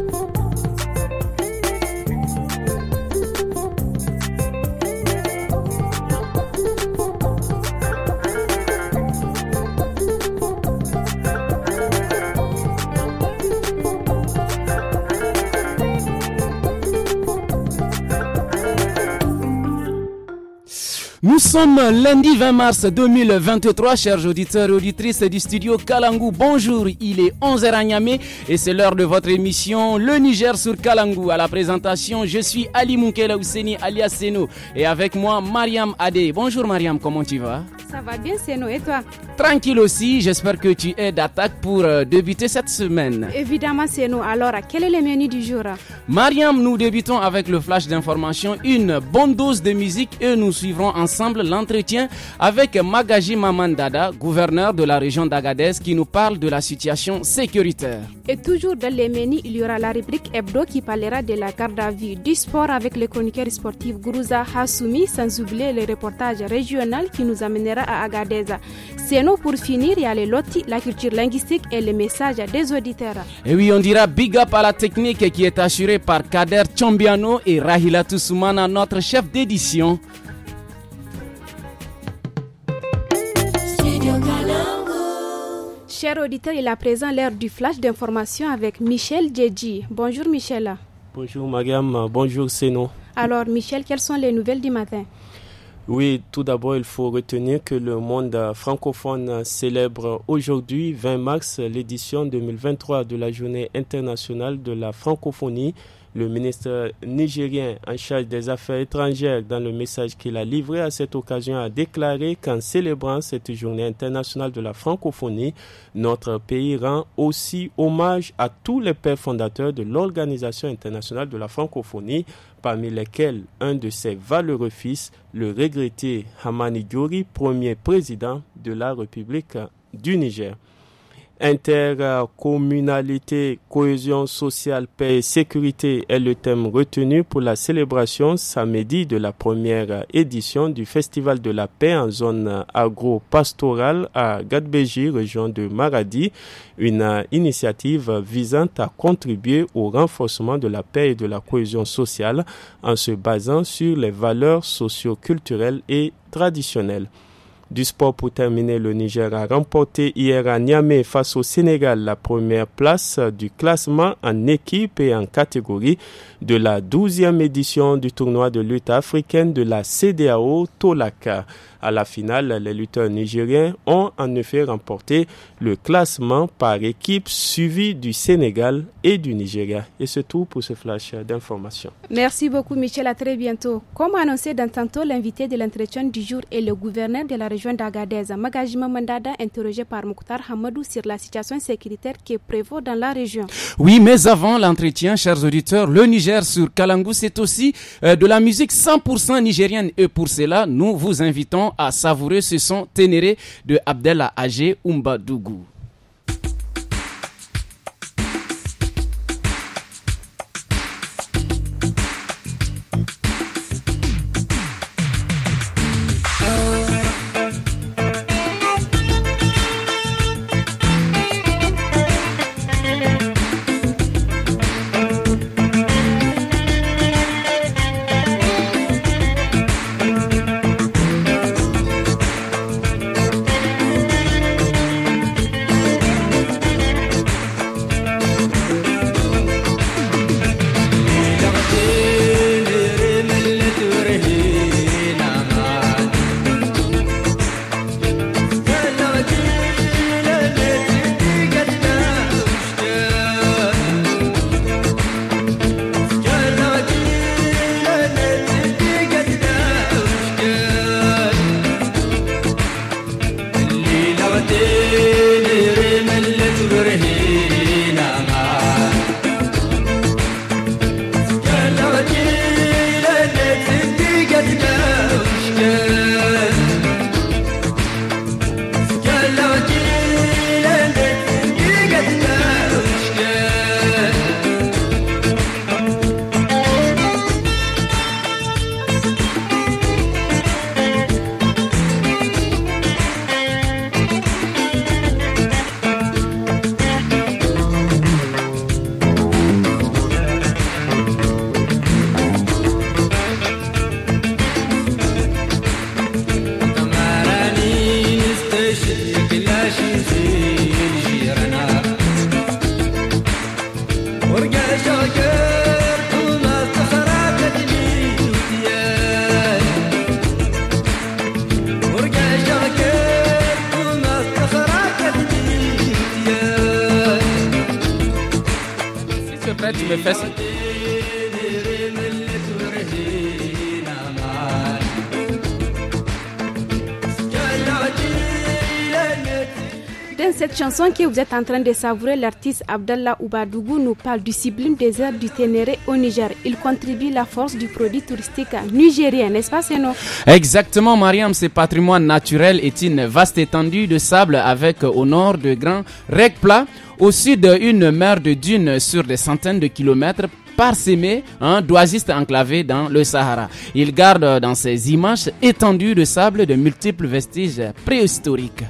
Thank you. Nous sommes lundi 20 mars 2023, chers auditeurs et auditrices du studio Kalangu. Bonjour, il est 11h à Niamey et c'est l'heure de votre émission Le Niger sur Kalangu. À la présentation, je suis Ali Moukela Ouseni alias Seno et avec moi Mariam Adé. Bonjour Mariam, comment tu vas Ça va bien Seno et toi Tranquille aussi, j'espère que tu es d'attaque pour euh, débuter cette semaine. Évidemment Seno, alors quel est le menu du jour Mariam, nous débutons avec le flash d'information, une bonne dose de musique et nous suivrons ensemble l'entretien avec Magaji Mamandada, gouverneur de la région d'Agadez, qui nous parle de la situation sécuritaire. Et toujours dans les il y aura la rubrique Hebdo qui parlera de la garde à vue, du sport avec le chroniqueur sportif Gourouza Hassoumi, sans oublier le reportage régional qui nous amènera à Agadez. C'est nous pour finir, il y a les lotis, la culture linguistique et les messages des auditeurs. Et oui, on dira big up à la technique qui est assurée par Kader Chombiano et Rahila Toussoumana, notre chef d'édition. Chers auditeurs, il est à présent l'heure du flash d'information avec Michel Djedji. Bonjour Michel. Bonjour Mariam, bonjour Seno. Alors Michel, quelles sont les nouvelles du matin oui, tout d'abord, il faut retenir que le monde francophone célèbre aujourd'hui, 20 mars, l'édition 2023 de la Journée internationale de la francophonie le ministre nigérien en charge des Affaires étrangères, dans le message qu'il a livré à cette occasion, a déclaré qu'en célébrant cette journée internationale de la francophonie, notre pays rend aussi hommage à tous les pères fondateurs de l'Organisation internationale de la francophonie, parmi lesquels un de ses valeureux fils, le regretté Hamani Diori, premier président de la République du Niger. Intercommunalité, cohésion sociale, paix et sécurité est le thème retenu pour la célébration samedi de la première édition du Festival de la paix en zone agro-pastorale à Gadbeji, région de Maradi, une initiative visant à contribuer au renforcement de la paix et de la cohésion sociale en se basant sur les valeurs socio-culturelles et traditionnelles. Du sport pour terminer, le Niger a remporté hier à Niamey face au Sénégal la première place du classement en équipe et en catégorie de la 12e édition du tournoi de lutte africaine de la CDAO Tolaka. À la finale, les lutteurs nigériens ont en effet remporté le classement par équipe suivi du Sénégal et du Nigeria. Et c'est tout pour ce flash d'information. Merci beaucoup Michel, à très bientôt. Comme annoncé dans tantôt, l'invité de l'entretien du jour est le gouverneur de la région d'Agadez, Magajima Mandada, interrogé par Mokhtar Hamadou sur la situation sécuritaire qui prévaut dans la région. Oui, mais avant l'entretien, chers auditeurs, le Niger sur Kalangou, c'est aussi euh, de la musique 100% nigérienne. Et pour cela, nous vous invitons à savourer ce sont ténéré de Abdel Agé Umbadougou. Dans cette chanson que vous êtes en train de savourer, l'artiste Abdallah Oubadougou nous parle du sublime désert du Ténéré au Niger. Il contribue la force du produit touristique nigérien, n'est-ce pas, Seno Exactement, Mariam. Ce patrimoine naturel est une vaste étendue de sable avec euh, au nord de grands règles plats, au sud une mer de dunes sur des centaines de kilomètres parsemées, hein, d'oisistes enclavés dans le Sahara. Il garde euh, dans ses images étendues de sable de multiples vestiges préhistoriques.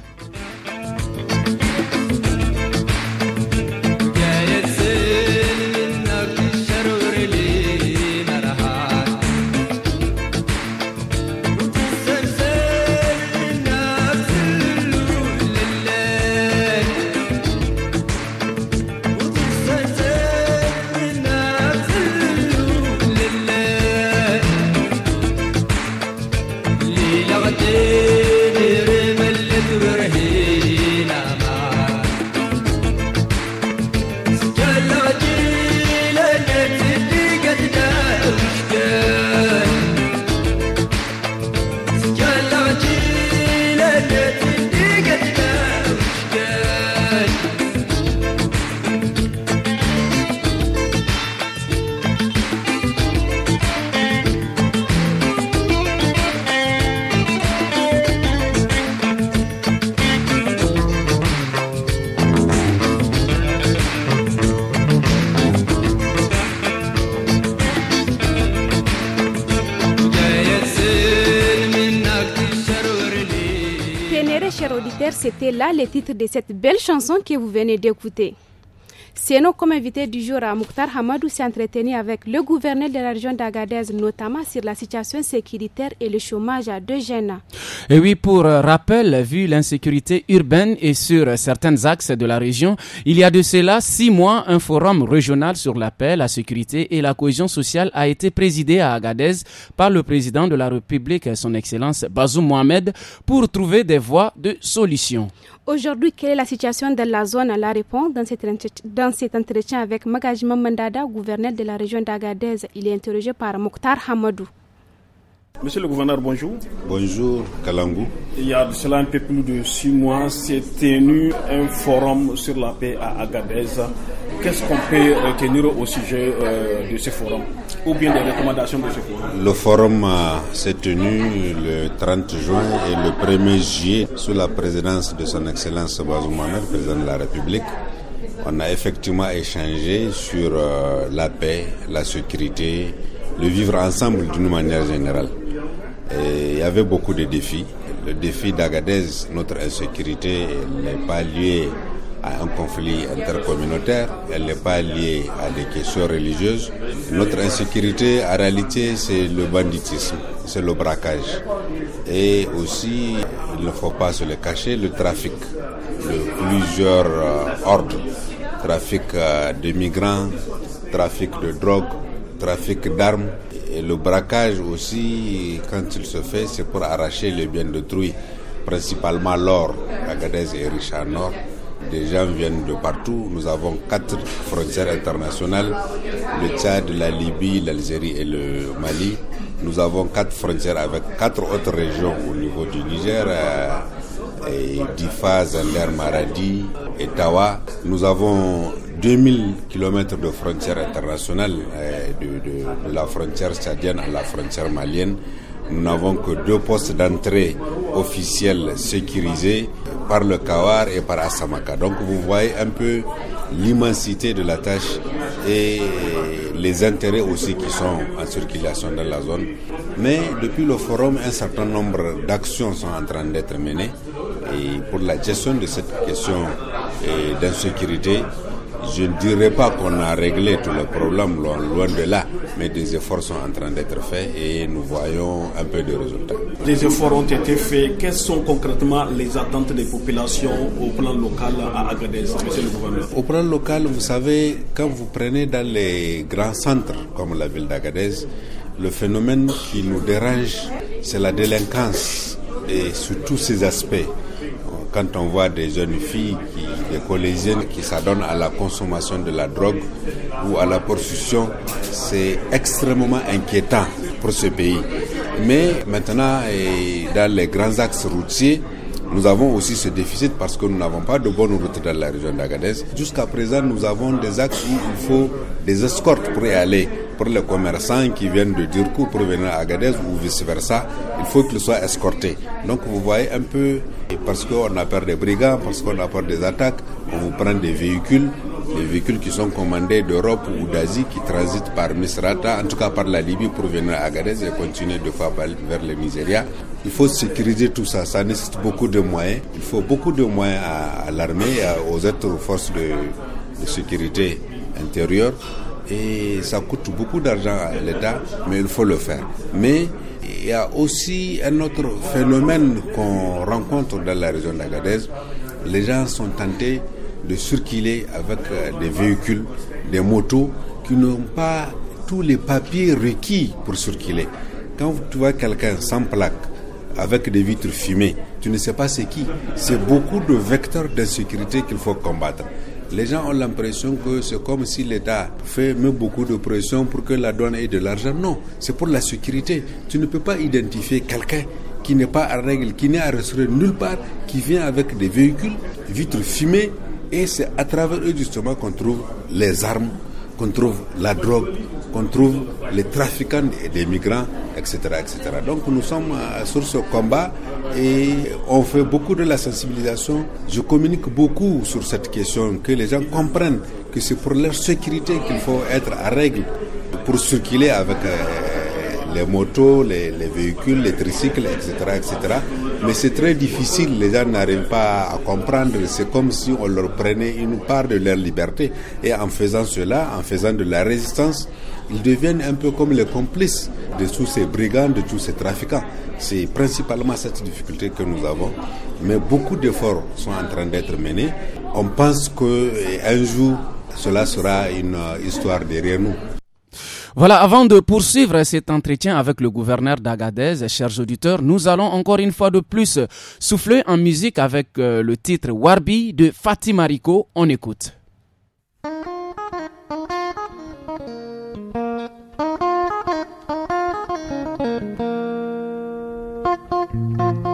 Voilà les titres de cette belle chanson que vous venez d'écouter. Sieno, comme invité du jour à Mouktar Hamadou, s'est entretenu avec le gouverneur de la région d'Agadez, notamment sur la situation sécuritaire et le chômage à deux Et oui, pour euh, rappel, vu l'insécurité urbaine et sur certains axes de la région, il y a de cela six mois, un forum régional sur la paix, la sécurité et la cohésion sociale a été présidé à Agadez par le président de la République, son Excellence Bazoum Mohamed, pour trouver des voies de solution. Aujourd'hui, quelle est la situation dans la zone la réponse dans cet, dans cet entretien avec Magajima Mandada, gouverneur de la région d'Agadez Il est interrogé par Mokhtar Hamadou. Monsieur le gouverneur, bonjour. Bonjour, Kalangou. Il y a cela un peu plus de six mois, s'est tenu un forum sur la paix à Agadez. Qu'est-ce qu'on peut retenir au sujet euh, de ce forum Ou bien des recommandations de ce forum Le forum euh, s'est tenu le 30 juin et le 1er juillet sous la présidence de son Excellence Bazoum président de la République. On a effectivement échangé sur euh, la paix, la sécurité, le vivre ensemble d'une manière générale il y avait beaucoup de défis. Le défi d'Agadez, notre insécurité, n'est pas liée à un conflit intercommunautaire, elle n'est pas liée à des questions religieuses. Notre insécurité, en réalité, c'est le banditisme, c'est le braquage. Et aussi, il ne faut pas se le cacher, le trafic de plusieurs euh, ordres. Trafic euh, de migrants, trafic de drogue, trafic d'armes. Et le braquage aussi, quand il se fait, c'est pour arracher les biens de principalement l'or, Agadez et Richard Nord. Des gens viennent de partout. Nous avons quatre frontières internationales, le Tchad, la Libye, l'Algérie et le Mali. Nous avons quatre frontières avec quatre autres régions au niveau du Niger. Euh, et Difa, Maradi et Tawa. Nous avons 2000 km de frontière internationale, euh, de, la frontière tchadienne à la frontière malienne, nous n'avons que deux postes d'entrée officiels sécurisés par le Kawar et par Asamaka. Donc vous voyez un peu l'immensité de la tâche et les intérêts aussi qui sont en circulation dans la zone. Mais depuis le forum, un certain nombre d'actions sont en train d'être menées et pour la gestion de cette question euh, d'insécurité je ne dirais pas qu'on a réglé tous les problèmes, loin, de là, mais des efforts sont en train d'être faits et nous voyons un peu de résultats. Des efforts ont été faits. Quelles sont concrètement les attentes des populations au plan local à Agadez, monsieur le gouvernement Au plan local, vous savez, quand vous prenez dans les grands centres comme la ville d'Agadez, le phénomène qui nous dérange, c'est la délinquance et sous tous ses aspects quand on voit des jeunes filles, qui, des collégiennes qui s'adonnent à la consommation de la drogue ou à la prostitution, c'est extrêmement inquiétant pour ce pays. Mais maintenant, dans les grands axes routiers, nous avons aussi ce déficit parce que nous n'avons pas de bonnes routes dans la région d'Agadez. Jusqu'à présent, nous avons des axes où il faut des escortes pour y aller. Pour les commerçants qui viennent de Dirkou provenant venir à ou vice-versa, il faut qu'ils soient escortés. Donc vous voyez un peu, parce qu'on a peur des brigands, parce qu'on a peur des attaques, on vous prend des véhicules, les véhicules qui sont commandés d'Europe ou d'Asie qui transitent par Misrata, en tout cas par la Libye pour venir à Agadez et continuer de fois vers le Nigeria. Il faut sécuriser tout ça, ça nécessite beaucoup de moyens. Il faut beaucoup de moyens à, l'armée aux autres forces de, de sécurité intérieure. Et ça coûte beaucoup d'argent à l'État, mais il faut le faire. Mais il y a aussi un autre phénomène qu'on rencontre dans la région d'Agadez. Les gens sont tentés de circuler avec euh, des véhicules, des motos qui n'ont pas tous les papiers requis pour circuler. Quand tu vois quelqu'un sans plaque, avec des vitres fumées, tu ne sais pas c'est qui. C'est beaucoup de vecteurs d'insécurité qu'il faut combattre. Les gens ont l'impression que c'est comme si l'État fait beaucoup de pression pour que la donne ait de l'argent. Non, c'est pour la sécurité. Tu ne peux pas identifier quelqu'un qui n'est pas à règle, qui n'est à nulle part, qui vient avec des véhicules, vitres fumées, et c'est à travers eux justement qu'on trouve les armes, qu'on trouve la drogue, qu'on trouve les trafiquants et des migrants, etc., etc. Donc nous sommes euh, sur ce combat et on fait beaucoup de la sensibilisation. Je communique beaucoup sur cette question, que les gens comprennent que c'est pour leur sécurité qu'il faut être à règle pour circuler avec euh, les motos, les, véhicules, les tricycles, etc., etc. Mais c'est très difficile, les gens n'arrivent pas à comprendre. C'est comme si on leur prenait une part de leur liberté. Et en faisant cela, en faisant de la résistance, ils deviennent un peu comme les complices de tous ces brigands, de tous ces trafiquants. C'est principalement cette difficulté que nous avons. Mais beaucoup d'efforts sont en train d'être menés. On pense qu'un eh, jour, cela sera une euh, histoire derrière nous. Voilà, avant de poursuivre cet entretien avec le gouverneur d'Agadez, chers auditeurs, nous allons encore une fois de plus souffler en musique avec euh, le titre Warby de Fatima Rico. On écoute.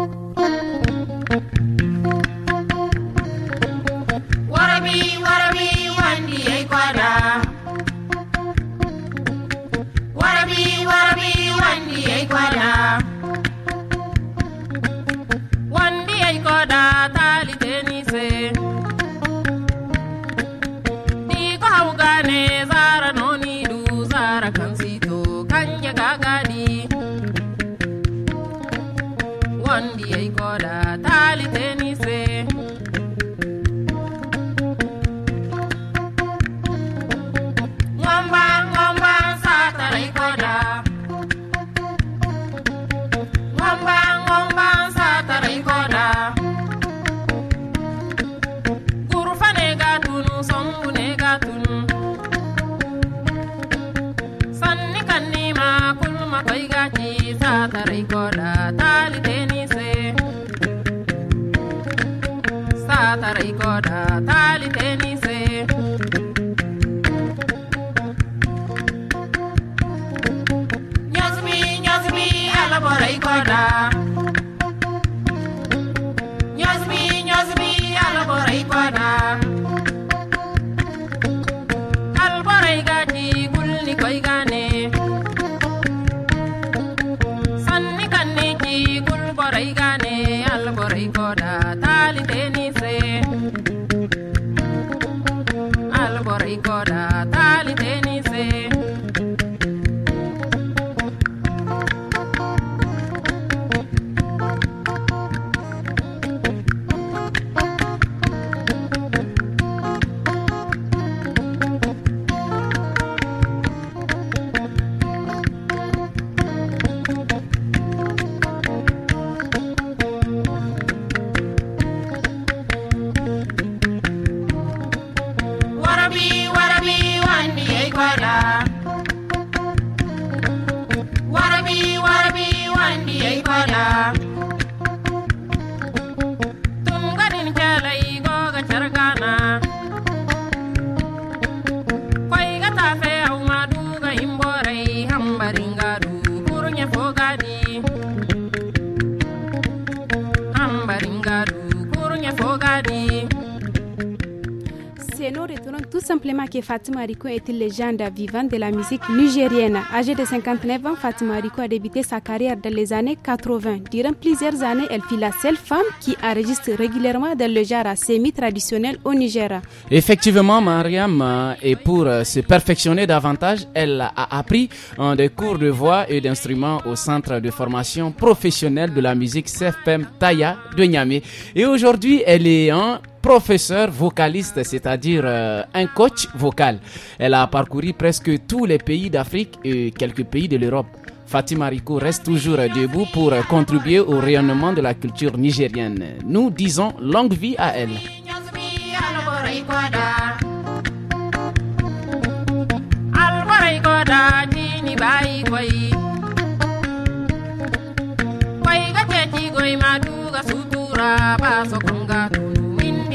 Fatima Rico est une légende vivante de la musique nigérienne. Âgée de 59 ans, Fatima Rico a débuté sa carrière dans les années 80. Durant plusieurs années, elle fut la seule femme qui enregistre régulièrement dans le genre semi-traditionnel au Niger. Effectivement, Mariam, euh, et pour euh, se perfectionner davantage, elle a appris des cours de voix et d'instruments au Centre de formation professionnelle de la musique CFM Taya de Niamey. Et aujourd'hui, elle est en professeur vocaliste, c'est-à-dire euh, un coach vocal. Elle a parcouru presque tous les pays d'Afrique et quelques pays de l'Europe. Fatima Rico reste toujours debout pour contribuer au rayonnement de la culture nigérienne. Nous disons longue vie à elle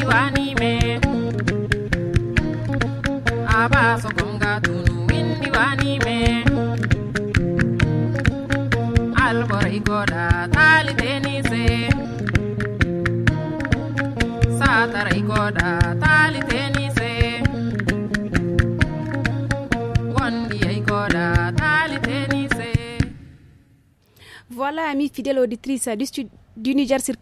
wani me aba so gonga tunu winni wani me alborai goda tali teni se satarai goda tali teni goda tali Voilà, amis fidèles auditrices du studio du Niger sur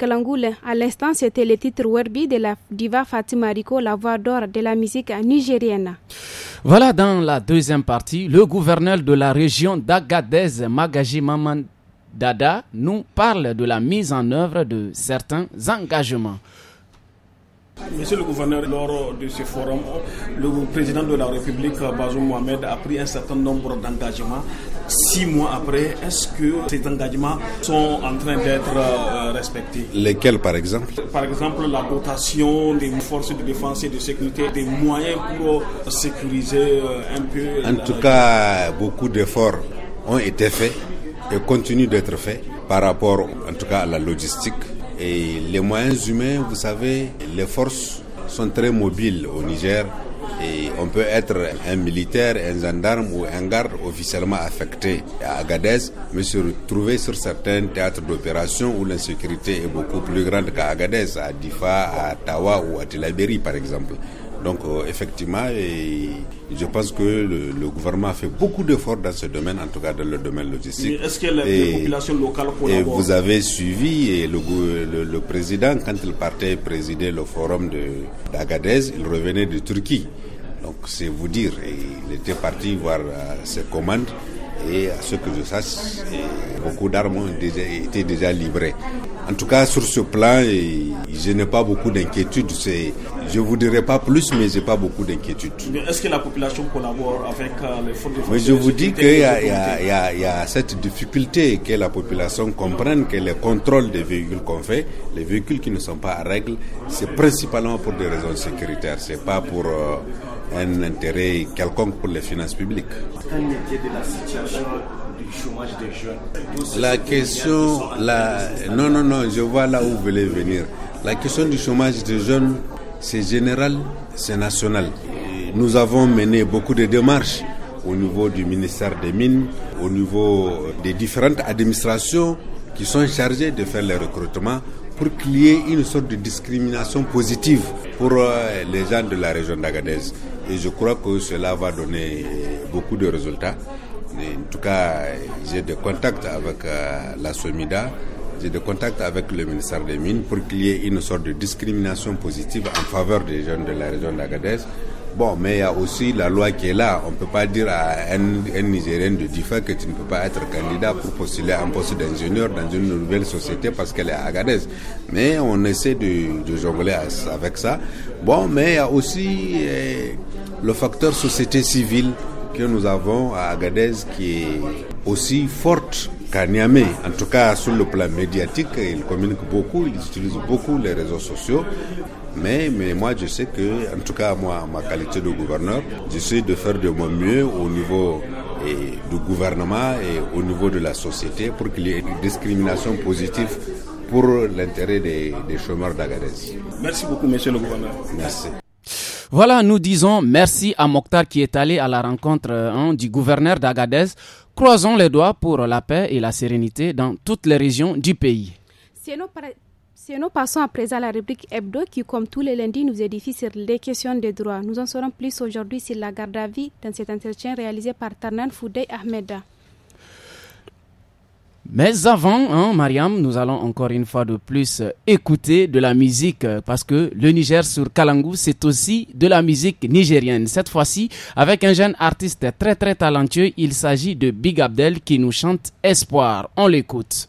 À l'instant, c'était le titre Werbi de la diva Fatima Rico, la voix d'or de la musique nigérienne. Voilà, dans la deuxième partie, le gouverneur de la région d'Agadez, Magaji Mamandada Dada, nous parle de la mise en œuvre de certains engagements. Monsieur le gouverneur, lors de ce forum, le président de la République, Bazoum Mohamed, a pris un certain nombre d'engagements. Six mois après, est-ce que ces engagements sont en train d'être euh, respectés Lesquels, par exemple Par exemple, la dotation des forces de défense et de sécurité, des moyens pour euh, sécuriser euh, un peu. En tout cas, beaucoup d'efforts ont été faits et continuent d'être faits par rapport, en tout cas, à la logistique et les moyens humains, vous savez, les forces sont très mobiles au Niger. Et on peut être un militaire, un gendarme ou un garde officiellement affecté à Agadez, mais se retrouver sur certains théâtres d'opération où l'insécurité est beaucoup plus grande qu'à Agadez, à Difa, à Tawa ou à Tilaberi par exemple. Donc euh, effectivement, je pense que le, gouvernement a fait beaucoup d'efforts dans ce domaine, en tout cas dans le domaine logistique. Est-ce que et, populations locales vous avez suivi le, président, quand il partait présider le forum d'Agadez, il revenait de Turquie. Donc c'est vous dire, il était parti voir euh, ses commandes. Et à ce que je sache, beaucoup d'armes ont déjà, été déjà livrées. En tout cas, sur ce plan, je n'ai pas beaucoup d'inquiétudes. Je ne vous dirai pas plus, mais je n'ai pas beaucoup d'inquiétude. Est-ce que la population collabore avec euh, les forces de Mais je vous dis qu'il y, a cette difficulté que la population comprenne que le contrôle des véhicules qu'on fait, les véhicules qui ne sont pas à règle, c'est principalement pour des raisons sécuritaires. C'est pas pour. Euh, un intérêt quelconque pour les finances publiques. la situation du chômage des jeunes La question, la... non, non, non, je vois là où vous voulez venir. La question du chômage des jeunes, c'est général, c'est national. nous avons mené beaucoup de démarches au niveau du ministère des Mines, au niveau des différentes administrations qui sont chargées de faire les recrutements pour qu'il y ait une sorte de discrimination positive pour euh, les gens de la région d'Agadez. Et je crois que cela va donner euh, beaucoup de résultats. en tout cas, j'ai des contacts avec euh, la SOMIDA, j'ai des contacts avec le ministère des Mines pour qu'il y ait une sorte de discrimination positive en faveur des jeunes de la région d'Agadez. Bon, mais il y a aussi la loi qui est là. On ne peut pas dire à un, un Nigérien de DIFA que tu ne peux pas être candidat pour postuler un poste d'ingénieur dans une nouvelle société parce qu'elle est à Agadez. Mais on essaie de, jongler avec ça. Bon, mais il y a aussi eh, le facteur société civile que nous avons à Agadez qui est aussi forte qu'à Niamey. En tout cas, sur le plan médiatique, ils communiquent beaucoup, ils utilisent beaucoup les réseaux sociaux. Mais, moi, je sais que, en tout cas, moi, ma qualité de gouverneur, j'essaie de faire de mon mieux au niveau du gouvernement et au niveau de la société pour qu'il y ait une discrimination positive pour l'intérêt des, chômeurs d'Agadez. Merci beaucoup, monsieur le gouverneur. Merci. Voilà, nous disons merci à Mokhtar qui est allé à la rencontre hein, du gouverneur d'Agadez. Croisons les doigts pour la paix et la sérénité dans toutes les régions du pays. Nous passons à présent à la rubrique Hebdo qui, comme tous les lundis, nous édifie sur les questions des droits. Nous en saurons plus aujourd'hui sur la garde à vie dans cet entretien réalisé par Tarnan Foudey Ahmeda. Mais avant, hein, Mariam, nous allons encore une fois de plus écouter de la musique euh, parce que le Niger sur Kalangu, c'est aussi de la musique nigérienne. Cette fois-ci, avec un jeune artiste très très talentueux, il s'agit de Big Abdel qui nous chante Espoir. On l'écoute.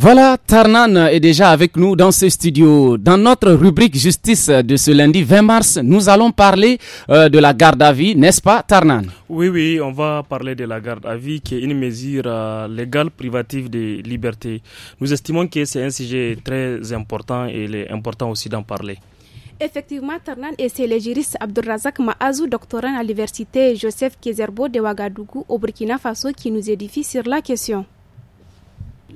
Voilà, Tarnan est déjà avec nous dans ce studio. Dans notre rubrique justice de ce lundi 20 mars, nous allons parler euh, de la garde à vie, n'est-ce pas, Tarnan Oui, oui, on va parler de la garde à vie qui est une mesure euh, légale privative des libertés. Nous estimons que c'est un sujet très important et il est important aussi d'en parler. Effectivement, Tarnan, et c'est le juriste Abdurrazak Maazou, doctorant à l'université Joseph Kézerbo de Ouagadougou au Burkina Faso, qui nous édifie sur la question.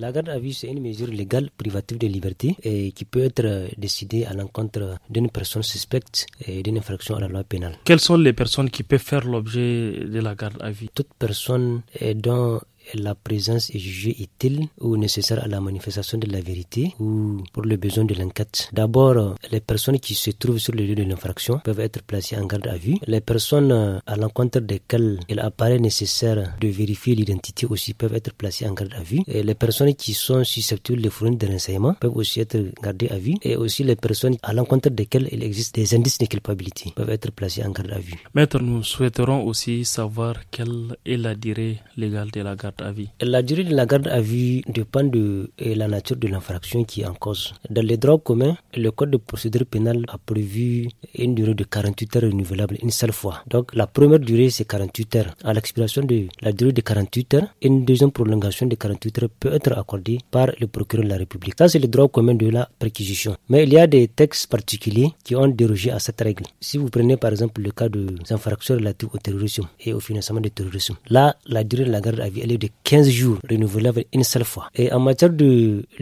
La garde à vue, c'est une mesure légale privative de liberté et qui peut être décidée à l'encontre d'une personne suspecte et d'une infraction à la loi pénale. Quelles sont les personnes qui peuvent faire l'objet de la garde à vue Toute personne dont la présence est jugée utile ou nécessaire à la manifestation de la vérité ou pour le besoin de l'enquête. D'abord, les personnes qui se trouvent sur le lieu de l'infraction peuvent être placées en garde à vue. Les personnes à l'encontre desquelles il apparaît nécessaire de vérifier l'identité aussi peuvent être placées en garde à vue. Et les personnes qui sont susceptibles de fournir des renseignements peuvent aussi être gardées à vue. Et aussi les personnes à l'encontre desquelles il existe des indices de culpabilité peuvent être placées en garde à vue. Maître, nous souhaiterons aussi savoir quelle est la durée légale de la garde la durée de la garde à vue dépend de euh, la nature de l'infraction qui est en cause. Dans les droits communs, le Code de procédure pénale a prévu une durée de 48 heures renouvelable une seule fois. Donc la première durée, c'est 48 heures. À l'expiration de la durée de 48 heures, une deuxième prolongation de 48 heures peut être accordée par le procureur de la République. Ça, c'est le droit commun de la préquisition. Mais il y a des textes particuliers qui ont dérogé à cette règle. Si vous prenez par exemple le cas des infractions relatives au terrorisme et au financement du terrorisme, là, la durée de la garde à vie, elle est de 15 jours renouvelable une seule fois. Et en matière de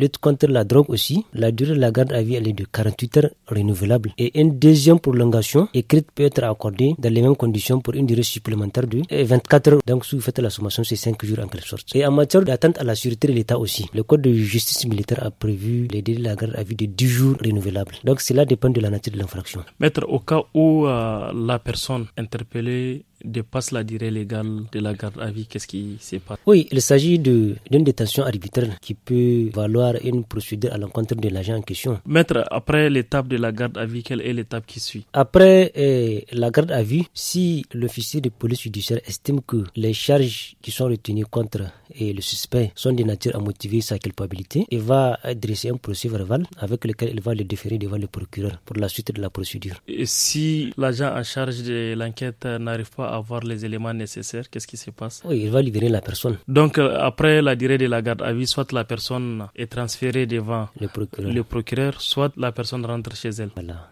lutte contre la drogue aussi, la durée de la garde à vie elle est de 48 heures renouvelable. Et une deuxième prolongation écrite peut être accordée dans les mêmes conditions pour une durée supplémentaire de 24 heures. Donc si vous faites la sommation, c'est 5 jours en quelque sorte. Et en matière d'attente à la sûreté de l'État aussi, le Code de justice militaire a prévu les délais de la garde à vie de 10 jours renouvelables. Donc cela dépend de la nature de l'infraction. Maître, au cas où euh, la personne interpellée dépasse la durée légale de la garde à vie, qu'est-ce qui se passe Oui, il s'agit d'une détention arbitraire qui peut valoir une procédure à l'encontre de l'agent en question. Maître, après l'étape de la garde à vie, quelle est l'étape qui suit Après eh, la garde à vue, si l'officier de police judiciaire estime que les charges qui sont retenues contre et eh, le suspect sont de nature à motiver sa culpabilité, il va dresser un procès verbal avec lequel il va le déférer devant le procureur pour la suite de la procédure. Et si l'agent en charge de l'enquête n'arrive pas avoir les éléments nécessaires, qu'est-ce qui se passe Oui, il va libérer la personne. Donc, euh, après la durée de la garde à vie, soit la personne est transférée devant le procureur, le procureur soit la personne rentre chez elle.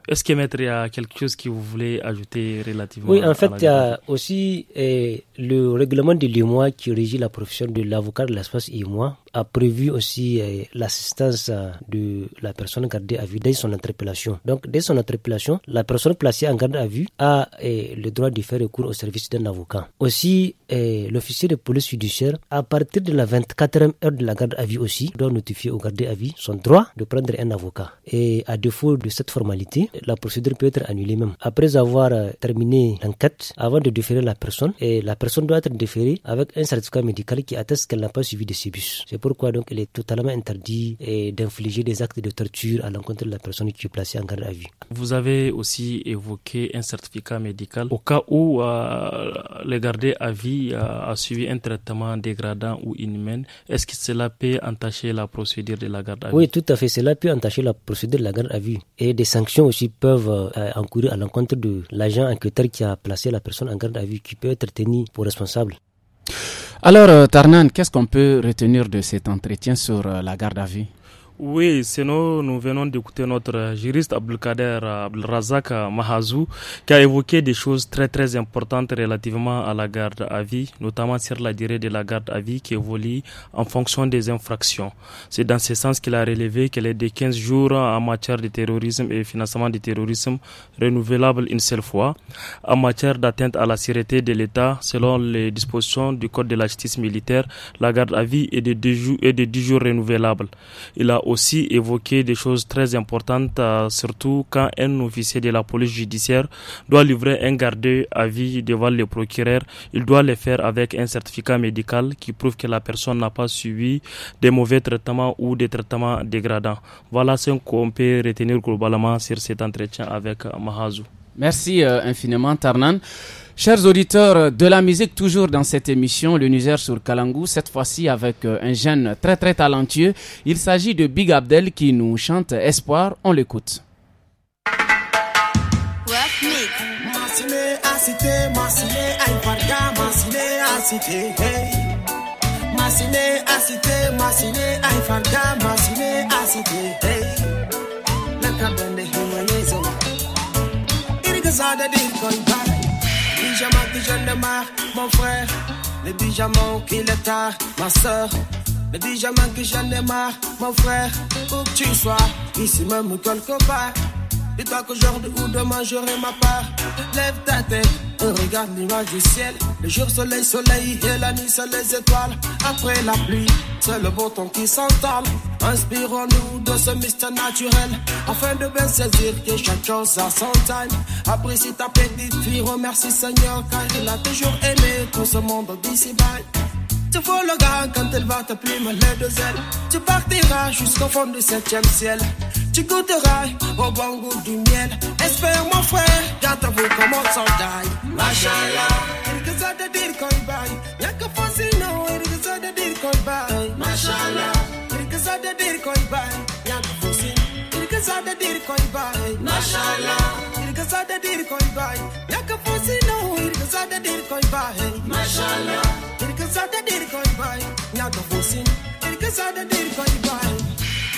Est-ce qu'il y a quelque chose que vous voulez ajouter relativement Oui, en fait, il y a aussi eh, le règlement de l'IMOA qui régit la profession de l'avocat de l'espace IMOA a prévu aussi euh, l'assistance euh, de la personne gardée à vue dès son interpellation. Donc, dès son interpellation, la personne placée en garde à vue a euh, le droit de faire recours au service d'un avocat. Aussi, l'officier de police judiciaire, à partir de la 24e heure de la garde à vue aussi, doit notifier au gardé à vue son droit de prendre un avocat. Et à défaut de cette formalité, la procédure peut être annulée même. Après avoir terminé l'enquête, avant de déférer la personne, et la personne doit être déférée avec un certificat médical qui atteste qu'elle n'a pas suivi de C'est c'est pourquoi donc il est totalement interdit d'infliger des actes de torture à l'encontre de la personne qui est placée en garde à vue. Vous avez aussi évoqué un certificat médical au cas où euh, le gardé à vie euh, a, suivi un traitement dégradant ou inhumain. Est-ce que cela peut entacher la procédure de la garde à vue Oui, tout à fait. Cela peut entacher la procédure de la garde à vue. Et des sanctions aussi peuvent euh, encourir à l'encontre de l'agent enquêteur qui a placé la personne en garde à vue, qui peut être tenu pour responsable. Alors, euh, Tarnan, qu'est-ce qu'on peut retenir de cet entretien sur euh, la garde à vue oui, sinon nous venons d'écouter notre juriste Abdelkader Abdelrazak Mahazou qui a évoqué des choses très très importantes relativement à la garde à vie, notamment sur la durée de la garde à vie qui évolue en fonction des infractions. C'est dans ce sens qu'il a relevé qu'elle est de 15 jours en matière de terrorisme et financement du terrorisme renouvelable une seule fois. En matière d'atteinte à la sûreté de l'État, selon les dispositions du Code de la justice militaire, la garde à vie est de 10 jours, jours renouvelable. Il a aussi évoquer des choses très importantes, euh, surtout quand un officier de la police judiciaire doit livrer un gardé à vie devant le procureur. Il doit le faire avec un certificat médical qui prouve que la personne n'a pas subi des mauvais traitements ou des traitements dégradants. Voilà ce qu'on peut retenir globalement sur cet entretien avec Mahazou. Merci euh, infiniment, Tarnan. Chers auditeurs de la musique, toujours dans cette émission, le Niger sur Kalangou, cette fois-ci avec euh, un jeune très très talentueux. Il s'agit de Big Abdel qui nous chante Espoir. On l'écoute pyjama que je le marre, mon frère. Le pyjama qu'il est tard, ma soeur. Le pyjama que je ne marre, mon frère. Où que tu sois, ici même ou quelque part. Dis-toi qu'aujourd'hui ou demain j'aurai ma part. Lève ta tête, regarde l'image du ciel. Le jour, soleil, soleil et la nuit, c'est les étoiles. Après la pluie, c'est le beau temps qui s'entame. Inspirons-nous de ce mystère naturel afin de bien saisir que chaque chose a son time. Apprécie ta petite fille, remercie Seigneur car il a toujours aimé tout ce monde d'ici-bas. Tu vois le gars quand elle va t'appeler mais les deux ailes. Tu partiras jusqu'au fond du septième ciel. Tu goûteras au bon goût du miel. Espère mon frère, garde ta bouche comme on s'en taille. Machala, il que ça te dire qu'on baille. Y'a que fascinant, il que ça te dire qu'on baille. Machala, il que ça te dire qu'on baille. Y'a que fascinant, il que ça te dire qu'on baille. Machala, il que ça te dire qu'on baille. Y'a que fascinant, il que ça te dire qu'on baille. Machala.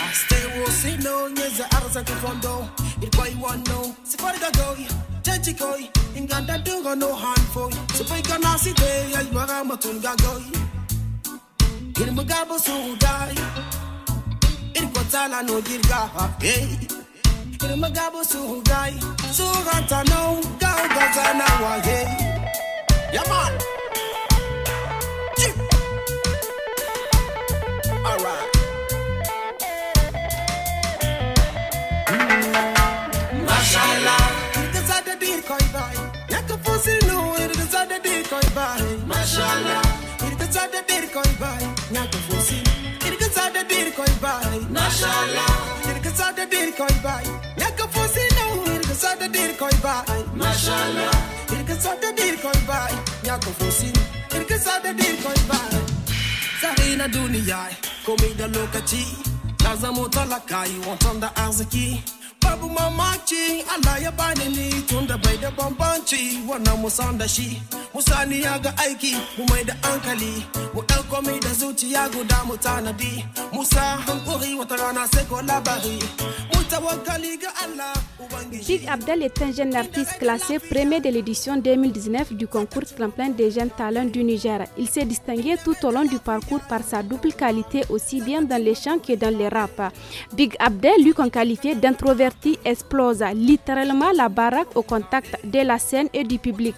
I stay você não, nessa arsa que fondo. Ele corre one no, se for da goi. Tete goi, enganda dunga no hand foi. Se foi que nasce dei, aí maga matunga goi. Ele maga bosu dai. Ele kotala no Yeah man. sinu irigizade dirikoibai mashallah irigizade dirikoibai nyakufusi irigizade dirikoibai mashallah irigizade dirikoibai nyakufusi nu irigizade dirikoibai mashallah irigizade dirikoibai nyakufusi irigizade dirikoibai zarina duniya komida lokaci ta zamo talaka yi watan da arziki Big Abdel est un jeune artiste classé premier de l'édition 2019 du concours tremplin des jeunes talents du Niger. Il s'est distingué tout au long du parcours par sa double qualité aussi bien dans les chants que dans les rap. Big Abdel, lui qu'on qualifiait d'introverti explose littéralement la baraque au contact de la scène et du public.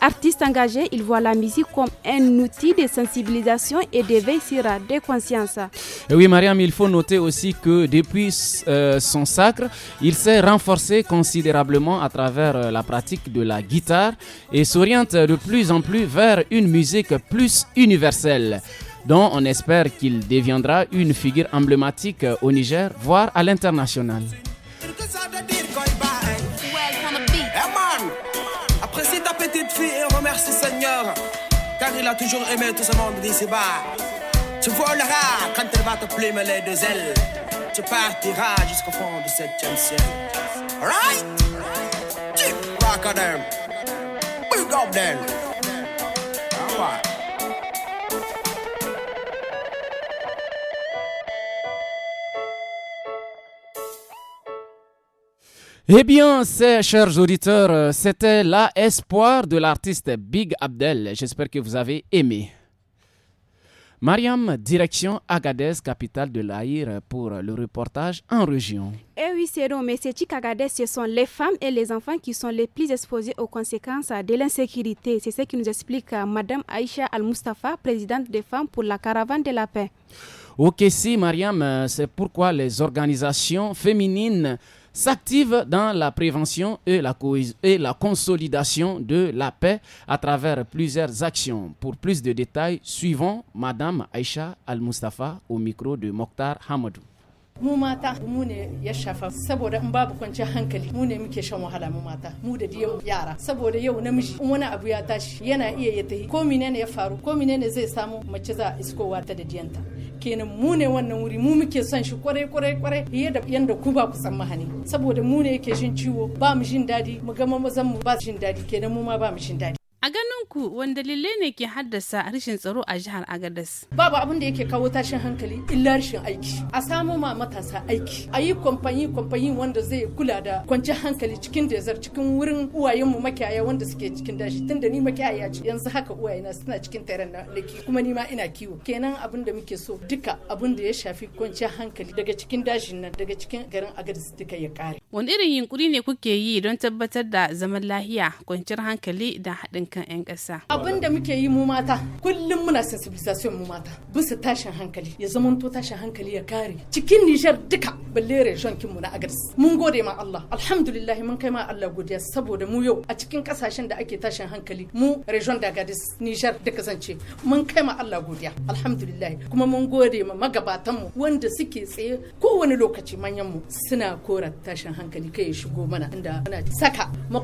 Artiste engagé, il voit la musique comme un outil de sensibilisation et d'éveil sur des consciences. oui, Mariam, il faut noter aussi que depuis euh, son sacre, il s'est renforcé considérablement à travers euh, la pratique de la guitare et s'oriente de plus en plus vers une musique plus universelle dont on espère qu'il deviendra une figure emblématique au Niger, voire à l'international. car il a toujours aimé tout ce monde d'ici-bas. Tu voleras quand elle va te plumer les deux ailes. Tu partiras jusqu'au fond de cette ciel. Right? rock on them. Big up them. right. Eh bien, ces chers auditeurs, euh, c'était l'espoir de l'artiste Big Abdel. J'espère que vous avez aimé. Mariam, direction Agadez, capitale de l'Aïr, pour le reportage en région. Eh oui, c'est mais c'est Agadez, ce sont les femmes et les enfants qui sont les plus exposés aux conséquences de l'insécurité. C'est ce qui nous explique euh, Madame Aïcha Al-Mustafa, présidente des femmes pour la caravane de la paix. Ok, si, Mariam, euh, c'est pourquoi les organisations féminines s'active dans la prévention et la, et la consolidation de la paix à travers plusieurs actions. Pour plus de détails, suivons Madame Aïcha Al-Mustafa au micro de Mokhtar Hamadou. mu mata mu ne ya shafa saboda in babu kwanciyar hankali mu ne muke shan wahala mu mata mu da diyan yara saboda yau namiji in wani abu ya tashi yana iya ya tahi ko menene ya faru ko menene zai samu mace za a iskowa ta da diyanta kenan mu ne wannan wuri mu muke son shi kwarai kwarai kwarai fiye da yanda ku ba ku san mahani saboda mu ne yake jin ciwo ba mu jin dadi mu ga mazan mu ba jin dadi kenan mu ma ba mu jin dadi A ganin ku wani dalilai ne ke haddasa rashin tsaro a jihar Agadas? Babu abin da yake kawo tashin hankali illa rashin aiki. A samo ma matasa aiki. A yi kwamfani kwamfani wanda zai kula da kwanciyar hankali cikin desert cikin wurin uwayenmu makiyaya wanda suke cikin dashi da ni makiyaya ce yanzu haka uwayena suna cikin taren na laki kuma ni ma ina kiwo. Kenan abin da muke so duka abin da ya shafi kwanciyar hankali daga cikin dashin nan daga cikin garin Agadas duka ya kare. Wani irin yunkuri ne kuke yi don tabbatar da zaman lahiya, kwanciyar hankali da haɗin kan 'yan ƙasa. Abin da muke yi mu mata kullum muna sensibilisation mu mata bisa tashin hankali ya to tashin hankali ya kare cikin Nijar duka balle region kinmu na Agadez. Mun gode ma Allah alhamdulillah mun kai ma Allah godiya saboda mu yau a cikin kasashen da ake tashin hankali mu region da Agadez Nijar zan ce mun kai ma Allah godiya alhamdulillah kuma mun gode ma mu wanda suke tsaye kowane lokaci manyan mu suna kora tashin hankali kai ya shigo mana inda ana saka mu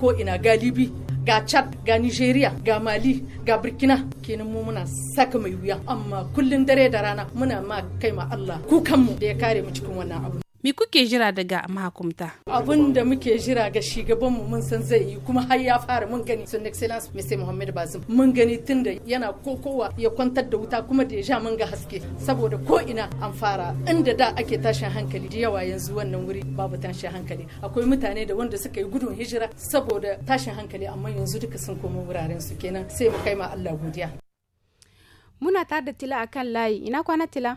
ko ina galibi ga chat ga nigeria ga mali ga burkina kenan mu muna saka mai wuya amma kullum dare da rana muna ma kai ma allah kukanmu da ya kare mu cikin wannan abu Me kuke jira daga mahakumta? Abin da muke jira ga shugabanmu mun san zai yi kuma har ya fara mun gani sun excellence Mr. Muhammad Bazum. Mun gani tunda da yana kokowa ya kwantar da wuta kuma da ya mun ga haske saboda ko ina an fara inda da ake tashin hankali da yawa yanzu wannan wuri babu tashin hankali. Akwai mutane da wanda suka yi gudun hijira saboda tashin hankali amma yanzu duka sun koma wuraren su kenan sai mu kai ma Allah godiya. Muna tada tila akan layi ina kwana tila?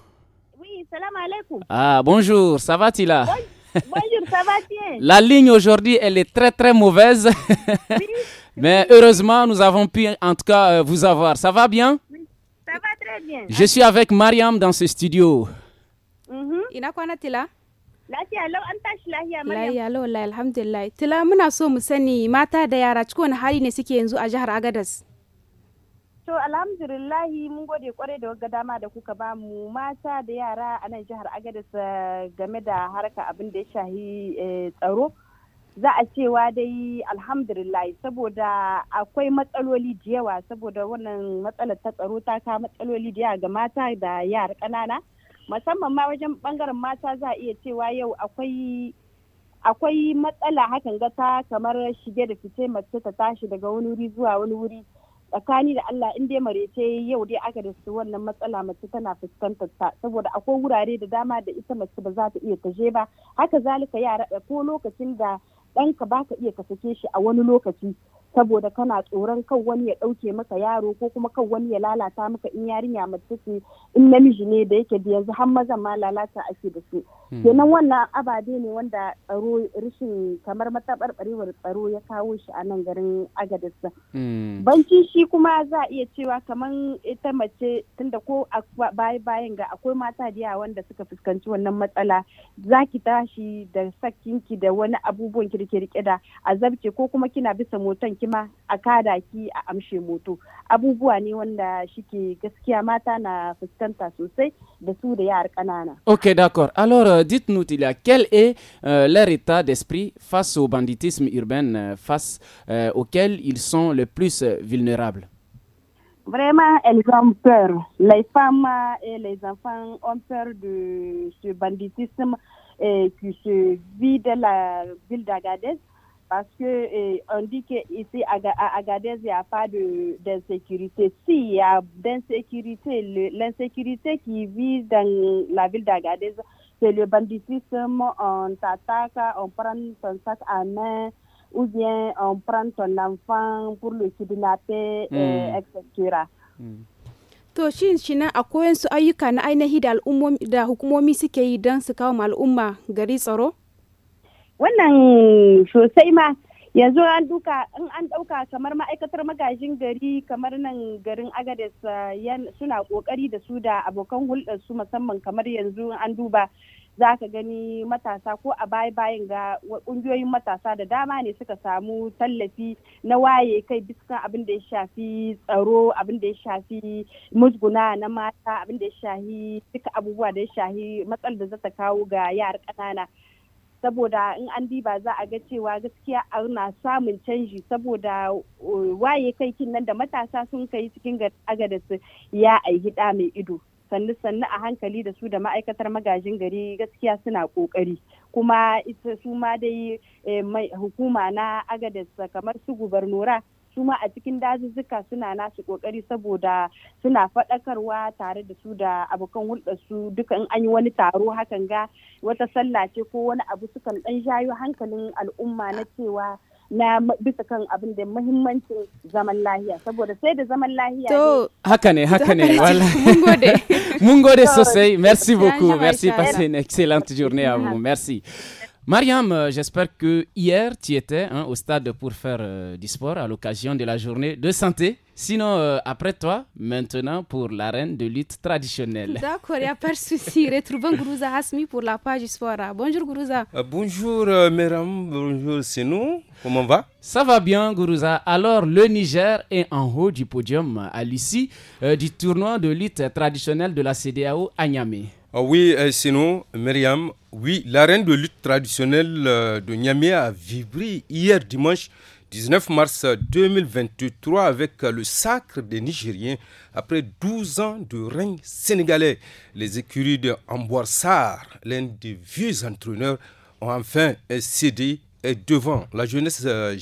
ah, bonjour, ça va Tila Bonjour, ça va bien. La ligne aujourd'hui, elle est très très mauvaise. Oui. Mais heureusement, nous avons pu en tout cas euh, vous avoir. Ça va bien oui. Ça va très bien. Je suis avec Mariam dans ce studio. Mhm. Ina kwana Tila? Lafiya lau an tashi lahiya Mariam. Lahiya lau alhamdulillah. Tila muna so mu sani mata da yara cikin wani hali ne suke yanzu a jihar Agadas. To alhamdulillahi mun gode kwarai da wagga dama da kuka ba mu mata da yara a nan jihar Agadis eh, game da harka abin da ya shahi eh, tsaro. Za a cewa dai alhamdulillahi saboda akwai matsaloli da yawa saboda wannan matsalar ta tsaro ta ka matsaloli da yawa ga mata da yara ƙanana. Musamman ma wajen bangaren mata za a iya cewa yau akwai akwai matsala hakan ga kamar shige da fice mace ta tashi daga wani wuri zuwa wani wuri. tsakani da Allah in dai marece yau dai aka da su wannan matsala mace tana fuskantar ta saboda akwai wurare da dama da ita mace ba za ta iya taje ba haka zalika yara ko lokacin da ɗanka ba ka iya ka shi a wani lokaci saboda kana tsoron kan wani ya ɗauke maka yaro ko kuma kan wani ya lalata maka in yarinya mace ce in namiji ne da yake da yanzu har mazan ma lalata ake da su hmm. kenan wannan ababe ne wanda tsaro rashin kamar barewar tsaro ya kawo shi a nan garin agadarsa hmm. banci shi kuma za a iya cewa kamar ita mace tunda ko baya bayan ga akwai mata da yawa wanda suka fuskanci wannan matsala za ki tashi da sakinki da wani abubuwan kirkirkida da zabce ko kuma kina bisa motan Ok, d'accord. Alors, euh, dites-nous, Tilia, quel est euh, leur état d'esprit face au banditisme urbain, euh, face auquel ils sont le plus vulnérables Vraiment, elles ont peur. Les femmes et les enfants ont peur de ce banditisme qui se vit de la ville d'Agadez parce que on dit qu'ici, à Agadez, il n'y a pas d'insécurité. S'il y a d'insécurité, l'insécurité qui vit dans la ville d'Agadez, c'est le banditisme. On t'attaque, on prend ton sac à main, ou bien on prend ton enfant pour le kidnapper, hmm. etc. Donc, hmm. To shin shina akwai wasu ayyuka na ainihi da hukumomi suke yi don su kawo al'umma gari tsaro? wannan sosai ma yanzu an duka in an dauka kamar ma'aikatar magajin gari kamar nan garin agades uh, suna kokari da su da abokan hulɗar su musamman kamar yanzu an duba za ka gani matasa ko a baya bayan ga ƙungiyoyin matasa da dama ne suka samu tallafi na waye kai bisa abin da ya shafi tsaro abin da ya shafi musguna na mata abin da ya shafi duka abubuwa da ya shafi matsal da za ta kawo ga yara ƙanana saboda in an diba za a ga cewa gaskiya na samun canji saboda uh, waye kai kin nan da matasa sun kai cikin agadis ya aihi da mai ido sannu sannu a hankali da su da ma'aikatar magajin gari gaskiya suna kokari kuma su ma dai eh, hukuma na agadasa kamar su gubernura su ma a cikin dazuzzuka suna nasu kokari saboda suna faɗakarwa tare da su da abokan hulɗar su duka in an yi wani taro hakan ga wata sallah ce ko wani abu sukan ɗan shayo hankalin al'umma na cewa na bisa kan abin da muhimmancin zaman lahiya saboda sai da zaman lahiya to haka ne haka ne mun gode mun gode sosai merci beaucoup merci passez une excellente journée à vous merci Mariam, euh, j'espère que hier tu étais hein, au stade pour faire euh, du sport à l'occasion de la journée de santé. Sinon, euh, après toi, maintenant pour l'arène de lutte traditionnelle. D'accord, il n'y a pas de souci. Retrouvons Gourouza Hasmi pour la page du sport. Bonjour Gourouza. bonjour Mariam, bonjour Sinou. Comment va Ça va bien Gourouza. Alors, le Niger est en haut du podium à l'issue du tournoi de lutte traditionnelle de la CDAO à ah oui, Sinou, Mariam. Oui, l'arène de lutte traditionnelle euh, de Niamey a vibré hier dimanche 19 mars 2023 avec le sacre des Nigériens après 12 ans de règne sénégalais. Les écuries de Sar, l'un des vieux entraîneurs, ont enfin cédé et devant la, jeunesse, euh,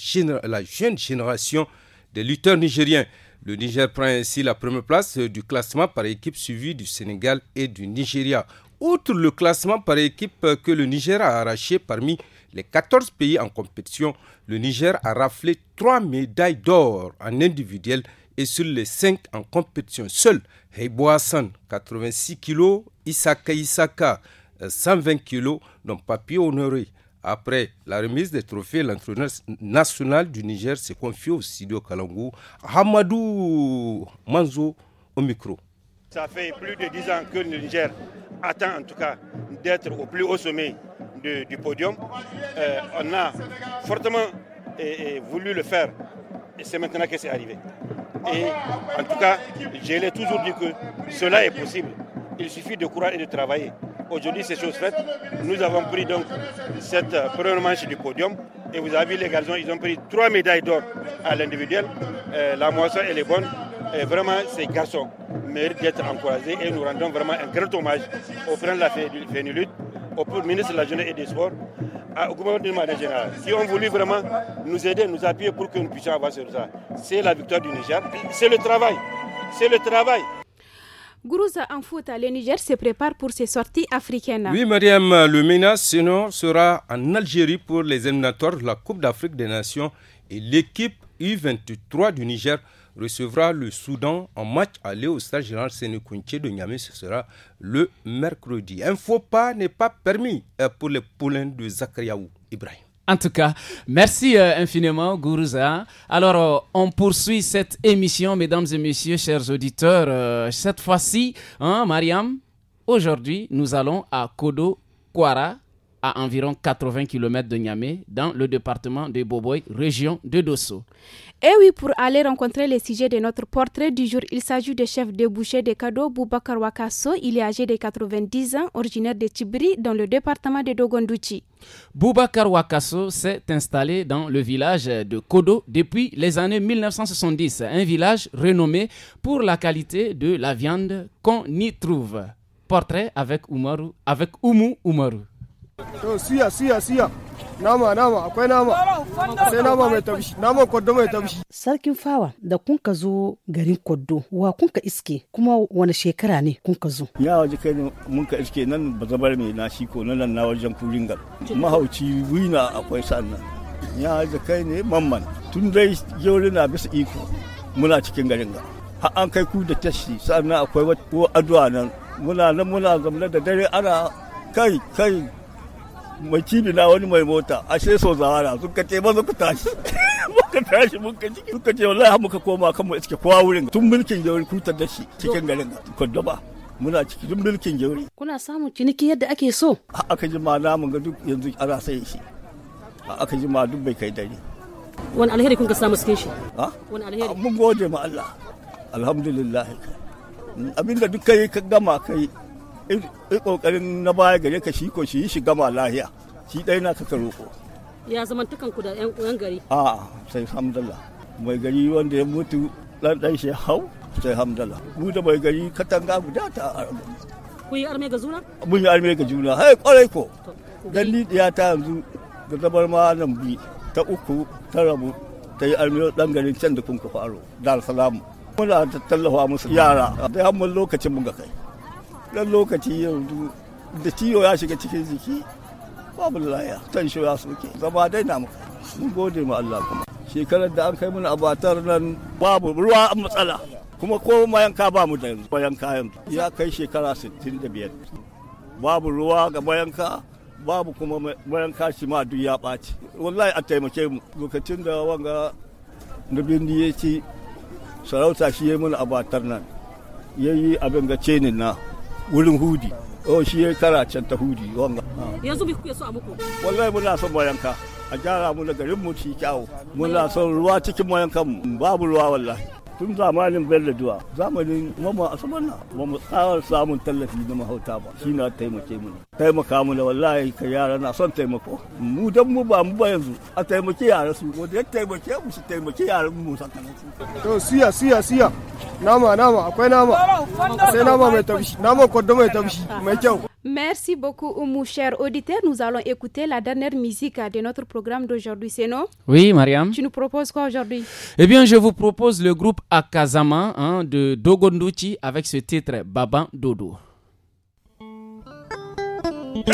la jeune génération des lutteurs nigériens. Le Niger prend ainsi la première place du classement par équipe suivie du Sénégal et du Nigeria. Outre le classement par équipe que le Niger a arraché parmi les 14 pays en compétition, le Niger a raflé 3 médailles d'or en individuel et sur les 5 en compétition seul. Heibo Hassan, 86 kg, Isaka Isaka, 120 kg, dont Papier Honoré. Après la remise des trophées, l'entraîneur national du Niger s'est confié au studio Kalangou, Hamadou Manzo au micro. Ça fait plus de 10 ans que le Niger attend en tout cas d'être au plus haut sommet du podium. Euh, on a fortement voulu le faire et c'est maintenant que c'est arrivé. Et en tout cas, je l'ai toujours dit que cela est possible. Il suffit de courage et de travailler. Aujourd'hui, c'est chose faite. Nous avons pris donc cette euh, première manche du podium. Et vous avez vu les garçons, ils ont pris trois médailles d'or à l'individuel. Euh, la moisson, elle est bonne. Et vraiment, ces garçons méritent d'être encouragés et nous rendons vraiment un grand hommage au frère de la Fénulutte, au ministre de la Jeunesse et des Sports, au gouvernement général. manière générale, qui ont voulu vraiment nous aider, nous appuyer pour que nous puissions avancer ça. C'est la victoire du Niger, c'est le travail, c'est le travail. Gourouza en foot, le Niger se prépare pour ses sorties africaines. Oui, Mariam, le sinon sera en Algérie pour les éliminatoires de la Coupe d'Afrique des Nations et l'équipe U23 du Niger recevra le Soudan en match aller au stade général Sénécountier de Niamey. Ce sera le mercredi. Un faux pas n'est pas permis euh, pour les poulains de Zakariaou Ibrahim. En tout cas, merci euh, infiniment, Gourouza. Alors, euh, on poursuit cette émission, mesdames et messieurs, chers auditeurs. cette fois-ci, hein, Mariam, aujourd'hui, nous allons à Kodo Kwara, à environ 80 km de Niamey, dans le département de Boboy, région de Dosso. Et eh oui, pour aller rencontrer les sujets de notre portrait du jour, il s'agit du chef débouché de Kado, Boubacar Wakasso. Il est âgé de 90 ans, originaire de Tibri, dans le département de Dogondouchi. Boubacar Wakasso s'est installé dans le village de Kodo depuis les années 1970, un village renommé pour la qualité de la viande qu'on y trouve. Portrait avec Oumaru, avec Oumu Oumaru. Euh, nama nama akwai nama sai nama mai tabshi nama kwaddo mai tabshi sarkin fawa da kun ka zo garin kwaddo wa kun ka iske kuma wani shekara ne kun ka zo ya waje kai ne mun ka iske nan bazabar mai na shi ko nan na wajen kuringal mahauci wina akwai sannan ya waje kai ne mamman tun dai yauri na bisa iko muna cikin garin ga ha an kai ku da tashi sannan akwai wata aduwa nan muna nan muna zamle da dare ana kai kai cibi na wani mai mota ashe so zawara suka ce maza ku tashi muka tashi muka ciki suka ce wallahi muka koma kan mu iske kowa wurin tun mulkin jauri kutar da shi cikin garin kwaddaba muna cikin mulkin jauri kuna samun ciniki yadda ake so A aka ji ma mun ga duk yanzu ana sayin shi a aka ji ma duk bai kai dare wani alheri kun ka samu cikin shi wani alheri mun gode ma Allah alhamdulillah abinda duk kai ka gama kai kokarin na baya gare ka shi ko shi shi gama lahiya shi ɗaya na kaka roko ya tukan ku da yan gari a sai hamdallah mai gari wanda ya mutu dan dan shi hau sai hamdallah mu da mai gari katanga guda ta ku yi arme ga juna mun yi arme ga juna hai kwarai ko dalli ya ta yanzu da zabar ma nan bi ta uku ta rabu ta yi arme dan garin can da kun ka faro dar salamu muna tallafa musu yara da hamman lokacin mun ga kai Ɗan lokaci yanzu da ciwo ya shiga cikin jiki babu laya tan shi ya soke zama dai na muka mun gode ma Allah kuma shekarar da an kai mana abatar nan babu ruwa matsala kuma ko mayanka ba mu da mayanka yanzu ya kai shekara 65 babu ruwa ga mayanka babu kuma mayanka shi ma duk ya ɓaci wallahi a taimake mu lokacin da wanga na bindi ya ci sarauta shi ya yi mana abatar nan ya yi abin ga cenin na wurin hudi o oh, shi ya kara can ta hudi wanga yanzu bai kuke so a muku wallahi muna son mayanka a gyara mu da garin mu ci kyawu muna son ruwa cikin mayankan mu babu ruwa wallahi tun zamanin bello duwa zamanin mama asabanna ba mu tsawar samun tallafi na mahauta ba shi na taimake mu taimaka mu na wallahi ka yara na son taimako mu dan mu ba mu ba yanzu a taimake yara su wanda ya taimake mu su taimake yara mu sakamako to siya siya siya nama nama akwai nama sai nama mai taushi nama kwaddo mai taushi mai kyau Merci beaucoup, Oumou, cher auditeur. Nous allons écouter la dernière musique de notre programme d'aujourd'hui, c'est non Oui, Mariam. Tu nous proposes quoi aujourd'hui Eh bien, je vous propose le groupe Akazama hein, de Dogonduchi avec ce titre Baban Dodo. Eh,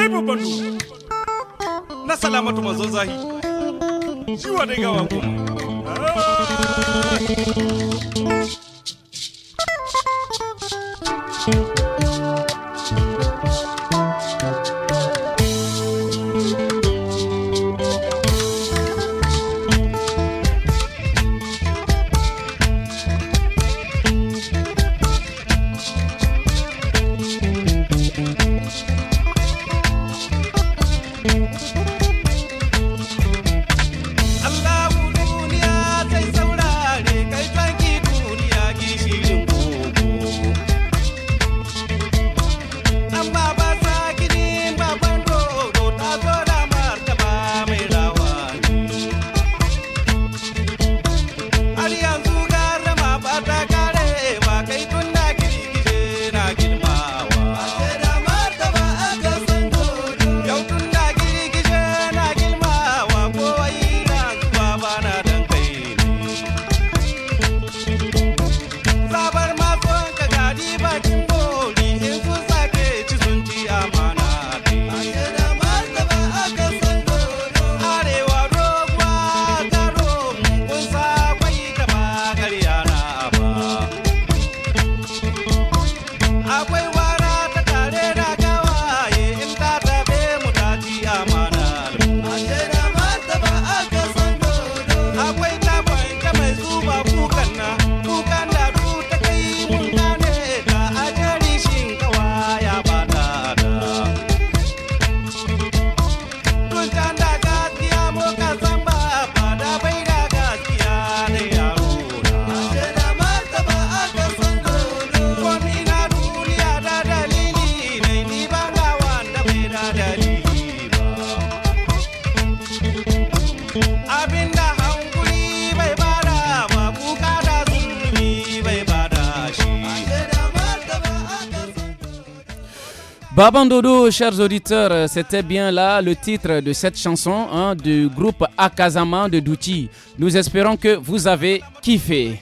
Baban chers auditeurs, euh, c'était bien là le titre de cette chanson hein, du groupe Akazama de Douti. Nous espérons que vous avez kiffé.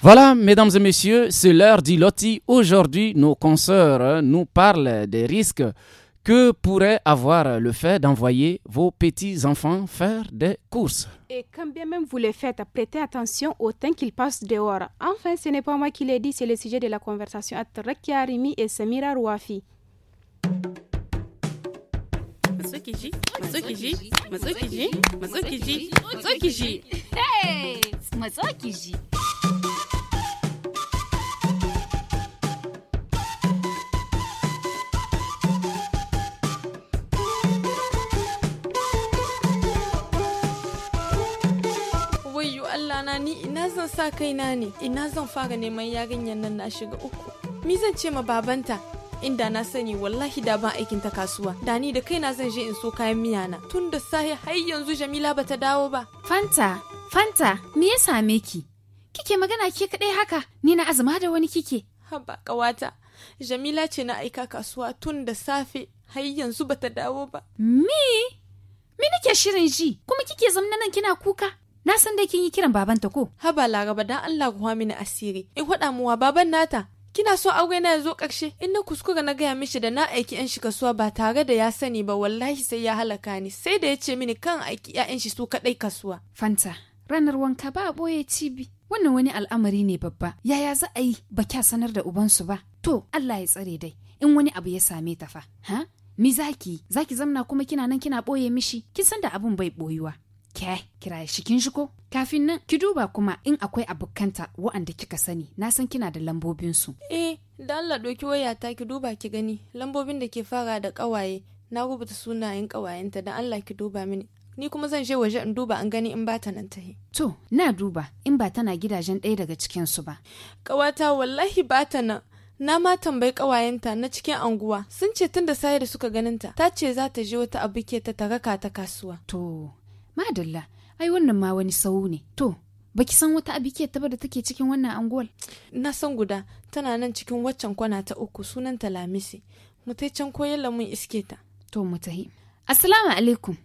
Voilà, mesdames et messieurs, c'est l'heure du Aujourd'hui, nos consoeurs hein, nous parlent des risques que pourrait avoir le fait d'envoyer vos petits-enfants faire des courses. Et quand bien même vous les faites, prêtez attention au temps qu'ils passent dehors. Enfin, ce n'est pas moi qui l'ai dit, c'est le sujet de la conversation entre Rekia Arimi et Samira Rouafi. Hey son sa kaina ne ina zan fara neman yarinyar nan na shiga uku mi zan ce ma babanta inda na sani wallahi da ban aikin ta kasuwa da ni da kaina zan je in so kayan miya na tun da sai har yanzu Jamila bata dawo ba Fanta Fanta me ya same ki kike magana ke kadai haka ni na azuma da wani kike haba kawata Jamila ce na aika kasuwa tun da safe har yanzu bata dawo ba me me nake shirin ji kuma kike zamna nan kina kuka Na san dai kin yi kiran babanta ko? Haba Laraba dan Allah ruwa mini asiri. In faɗa muwa baban nata. Kina so aure na ya zo ƙarshe in na kuskura na gaya mishi da na aiki yan shi kasuwa ba tare da ya sani ba wallahi sai ya halaka ni sai da ya ce mini kan aiki ƴaƴan shi su kaɗai kasuwa. Fanta ranar wanka ba a ɓoye cibi. Wannan wani al'amari ne babba. Yaya za a yi ba kya sanar da ubansu ba? To Allah ya tsare dai in wani abu ya same ta fa. Ha? Mi zaki, zaki zamna kuma kina nan kina ɓoye mishi, kin san da abun bai ɓoyuwa. ke kiraye shikin shi ko kafin nan ki duba kuma in akwai abokanta wa'anda kika sani na san kina da lambobinsu eh da Allah ɗauki wayata ki duba ki gani lambobin da ke fara da ƙawaye na rubuta sunayen ƙawayenta da Allah ki duba mini ni kuma zan je waje in duba an gani in ba ta nan tahi. To, na duba in ba tana gidajen ɗaya daga cikinsu ba. Ƙawata wallahi ba ta nan. Na ma tambayi ƙawayenta na cikin anguwa sun ce tun da sayar suka ganinta ta ce za ta je wata abu ke ta taraka ta kasuwa. To, madalla ai wannan ma wani sau ne to baki san wata abikiyar taba da take cikin wannan anguwar na san guda tana nan cikin waccan kwana ta uku sunan ta lamisi mu can koyar lamun iske ta to mu tahi assalamu alaikum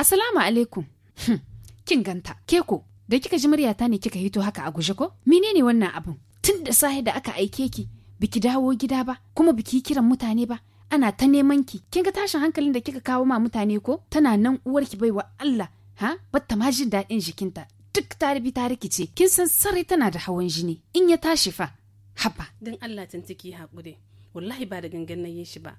assalamu alaikum hm, kin ganta ke ko da kika ji muryata ne kika hito haka a guje ko menene wannan abun tun da sahi da aka aike ki biki dawo gida ba kuma biki kiran mutane ba ana ta neman ki kin ga tashin hankalin da kika kawo ma mutane ko tana nan uwarki baiwa Allah ha batta ma jin daɗin jikinta duk ta ta rikice kin san sarai tana da hawan jini in ya tashi fa haba dan Allah tantiki hakuri wallahi ba da gangan yin shi ba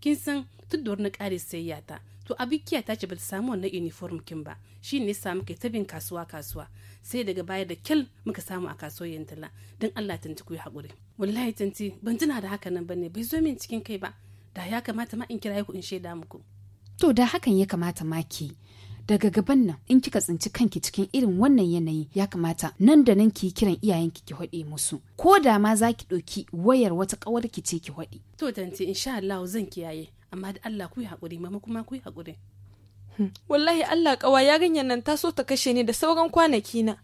kin san tuddor na ƙare sayayya ta to abikiya ta ce ba ta samu wannan uniform kin ba shi ne sa muka ta bin kasuwa kasuwa sai daga baya da kyal muka samu a kasuwar tala dan Allah tanti hakuri wallahi tanti ban tuna da haka nan bane bai zo min cikin kai ba da ya kamata ma in kira ku in shaida muku to da hakan ya kamata ma ki daga gaban nan in kika tsinci kanki cikin irin wannan yanayi ya kamata nan da nan ki kiran iyayenki ki haɗe musu ko da ma za ki ɗauki wayar wata ƙawar ki ce ki haɗe. to tante insha Allah zan kiyaye amma da Allah ku yi haƙuri mama kuma ku yi haƙuri. Hmm. wallahi Allah ƙawa yarinyar nan ta so ta kashe ni da sauran kwanaki na.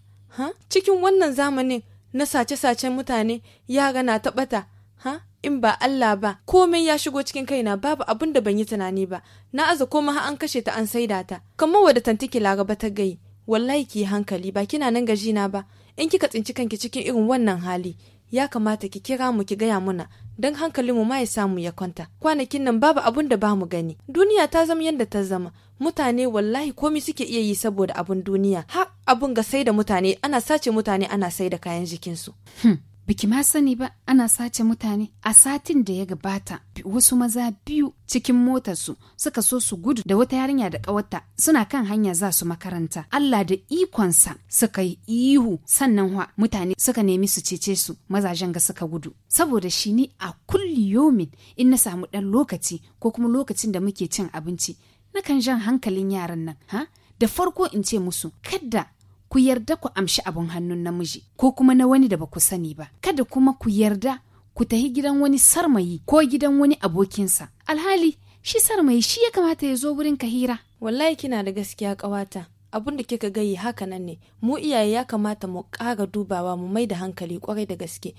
cikin wannan zamanin na sace-sacen mutane yara na taɓata ha in ba Allah ba komai ya shigo cikin kaina babu abin da ban yi tunani ba na aza koma har an kashe ta an saida ta kamar wadda tantiki laraba ta gai wallahi ki hankali ba kina nan gaji na ba in kika tsinci kanki cikin irin wannan hali ya kamata ki kira mu ki gaya muna don hankalinmu ma ya samu ya kwanta kwanakin nan babu abun da ba mu gani duniya ta zama yadda ta zama mutane wallahi komai suke iya yi saboda abun duniya har abun ga sai da mutane ana sace mutane ana sai da kayan jikinsu. Hmm. biki ma sani ba ana sace mutane a satin da ya gabata wasu maza biyu cikin motarsu suka so su gudu da wata yarinya da ƙawarta suna kan hanya za su makaranta Allah da ikonsa suka yi ihu sannan wa mutane suka nemi su cece su mazajen ga suka gudu saboda shi ni a kulli yomin in na samu ɗan lokaci ko kuma lokacin da muke cin abinci nakan jan hankalin yaran nan ha da farko in ce musu kadda. ku yarda ku amshi abin hannun namiji ko kuma na wani da ba ku sani ba kada kuma ku yarda ku tahi gidan wani sarmayi ko gidan wani abokinsa alhali shi sarmayi shi ya kamata ya zo wurin ka hira wallahi kina da gaskiya ƙawata abun da kika gayi haka nan ne mu iyaye ya kamata mu ƙara dubawa mu mai da hankali kwarai da gaske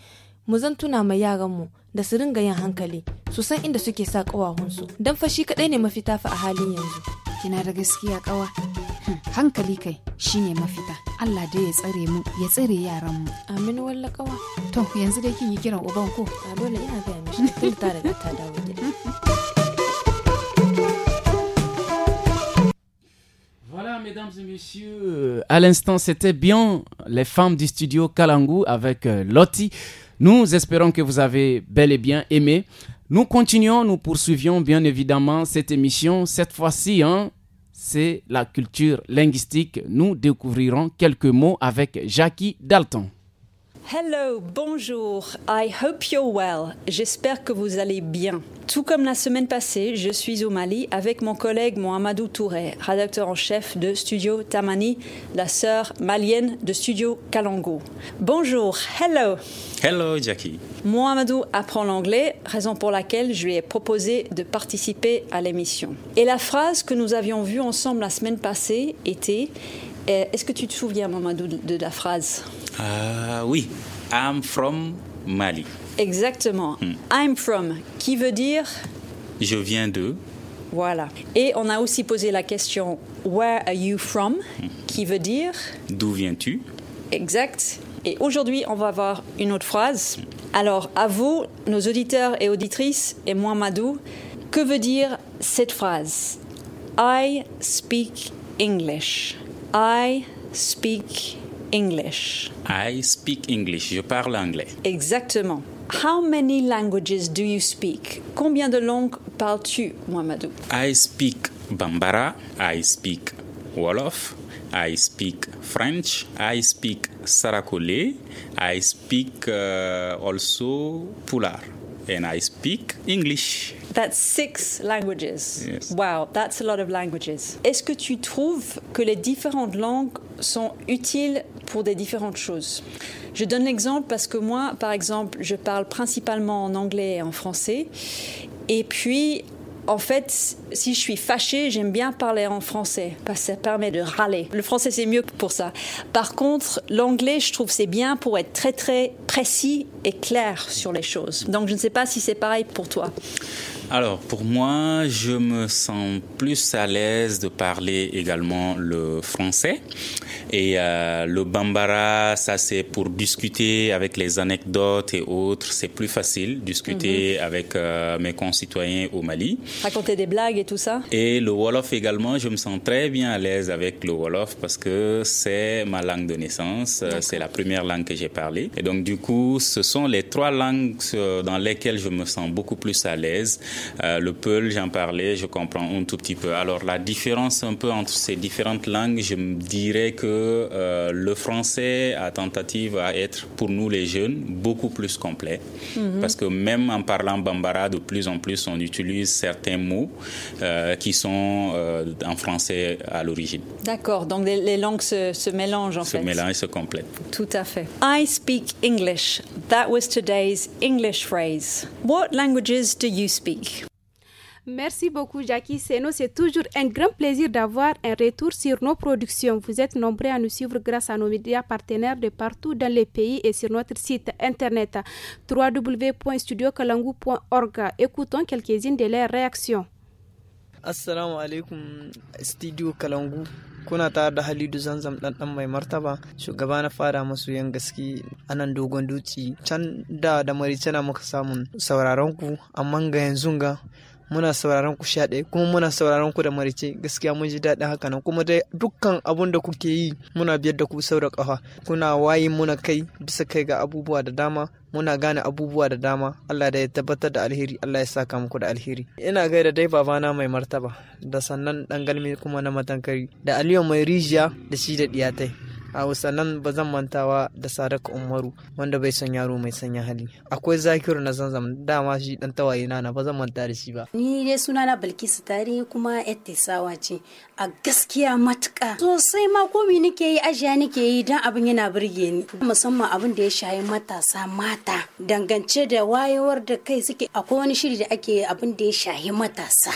mu zan tuna ma mu da su ringa yin hankali su san inda suke sa ƙawahunsu Dan fashi kaɗai ne mafita fa a halin yanzu kina da gaskiya kawa hmm, hankali kai shine mafita Allah dai ya tsare mu ya tsare yaran mu amin walla kawa to yanzu dai kin yi kiran uban ko a dole ina ga mishi tun tare da ta dawo Voilà, mesdames et messieurs, à l'instant, c'était bien les femmes du studio Kalangu avec euh, Loti. Nous espérons que vous avez bel et bien aimé. Nous continuons, nous poursuivions bien évidemment cette émission. Cette fois-ci, hein, c'est la culture linguistique. Nous découvrirons quelques mots avec Jackie Dalton. Hello, bonjour. I hope you're well. J'espère que vous allez bien. Tout comme la semaine passée, je suis au Mali avec mon collègue Mohamedou Touré, rédacteur en chef de Studio Tamani, la sœur malienne de Studio Kalango. Bonjour, hello. Hello Jackie. Mohamedou apprend l'anglais, raison pour laquelle je lui ai proposé de participer à l'émission. Et la phrase que nous avions vue ensemble la semaine passée était euh, Est-ce que tu te souviens, Mohamedou, de la phrase ah oui, I'm from Mali. Exactement. Hmm. I'm from, qui veut dire Je viens de. Voilà. Et on a aussi posé la question Where are you from hmm. qui veut dire D'où viens-tu Exact. Et aujourd'hui, on va voir une autre phrase. Hmm. Alors, à vous, nos auditeurs et auditrices, et moi, Madou, que veut dire cette phrase I speak English. I speak English? I speak English. Je parle anglais. Exactement. How many languages do you speak? Combien de langues parles-tu, Mohamedou? I speak Bambara. I speak Wolof. I speak French. I speak Sarakole. I speak uh, also Pular. And I speak English. That's six languages. Wow, that's a lot of languages. Est-ce que tu trouves que les différentes langues sont utiles pour des différentes choses. Je donne l'exemple parce que moi, par exemple, je parle principalement en anglais et en français. Et puis, en fait, si je suis fâchée, j'aime bien parler en français parce que ça permet de râler. Le français, c'est mieux pour ça. Par contre, l'anglais, je trouve, c'est bien pour être très, très précis et clair sur les choses. Donc, je ne sais pas si c'est pareil pour toi. Alors, pour moi, je me sens plus à l'aise de parler également le français. Et euh, le Bambara, ça c'est pour discuter avec les anecdotes et autres. C'est plus facile discuter mhm. avec euh, mes concitoyens au Mali. Raconter des blagues et tout ça. Et le Wolof également, je me sens très bien à l'aise avec le Wolof parce que c'est ma langue de naissance. Euh, c'est la première langue que j'ai parlé Et donc du coup, ce sont les trois langues dans lesquelles je me sens beaucoup plus à l'aise. le Peul, j'en parlais, je comprends un tout petit peu. Alors la différence un peu entre ces différentes langues, je me dirais que euh, le français a tentative à être, pour nous les jeunes, beaucoup plus complet. Mhm. Parce que même en parlant bambara, de plus en plus, on utilise certains mots euh, qui sont euh, en français à l'origine. D'accord, donc les, langues se, mélangent en fait. Se mélangent et se complètent. Tout à fait. I speak English. That was today's English phrase. What languages do you speak? Merci beaucoup, Jackie Seno. C'est toujours un grand plaisir d'avoir un retour sur nos productions. Vous êtes nombreux à nous suivre grâce à nos médias partenaires de partout dans les pays et sur notre site internet www.studiokalangu.org. Écoutons quelques-unes de leurs réactions. Assalamu alaikum, Studio Kalangu. kuna tare da halidu zanzam ɗanɗan mai martaba shugaba na fada masu yan gaski a dogon can da da maricina muka samu sauraron ku amma muna sauraron ku sha ɗaya kuma muna sauraron ku da marice gaskiya mun ji daɗin haka nan kuma dai dukkan abun da kuke yi muna biyar da ku sau da ƙafa kuna wayi muna kai bisa kai ga abubuwa da dama muna gane abubuwa da dama Allah da ya tabbatar da alheri Allah ya saka muku da alheri ina gaida dai babana mai martaba da sannan dan galmi kuma na matankari da aliyu mai rijiya da shi da diyatai a sannan ba zan mantawa da sadaka umaru wanda bai son yaro mai sanya hali akwai zakiru na zanzam dama shi dan tawaye na ba zan manta da shi ba ni dai suna na bilkisu tare kuma sawa ce a gaskiya matuka sosai ma komi nake yi ajiya nake yi dan abin yana burge ni musamman abin da ya shayi matasa mata mata dangance da wayewar da kai suke akwai wani shiri da ake abin da ya shahi matasa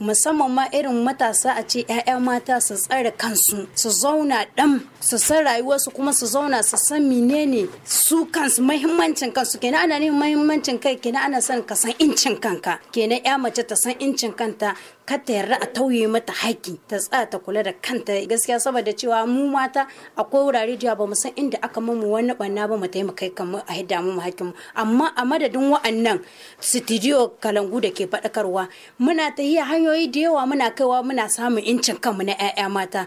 musamman ma irin matasa a ce 'ya'ya mata su tsare kansu su zauna ɗan su san rayuwarsu kuma su zauna su san menene su kansu mahimmancin kansu kenan ana neman mahimmancin kai kenan ana son ka san incin kanka kenan 'ya mace ta san incin kanta kar ta yarda a tauye mata haƙƙi ta tsaya ta kula da kanta gaskiya saboda cewa mu mata akwai wurare da ba mu san inda aka mu wani banna ba mu taimaka kan mu a hidda mu haƙƙin mu amma a madadin wa'annan studio kalangu da ke faɗakarwa muna ta hanyoyi da yawa muna kaiwa muna samun incin kanmu na 'ya'ya mata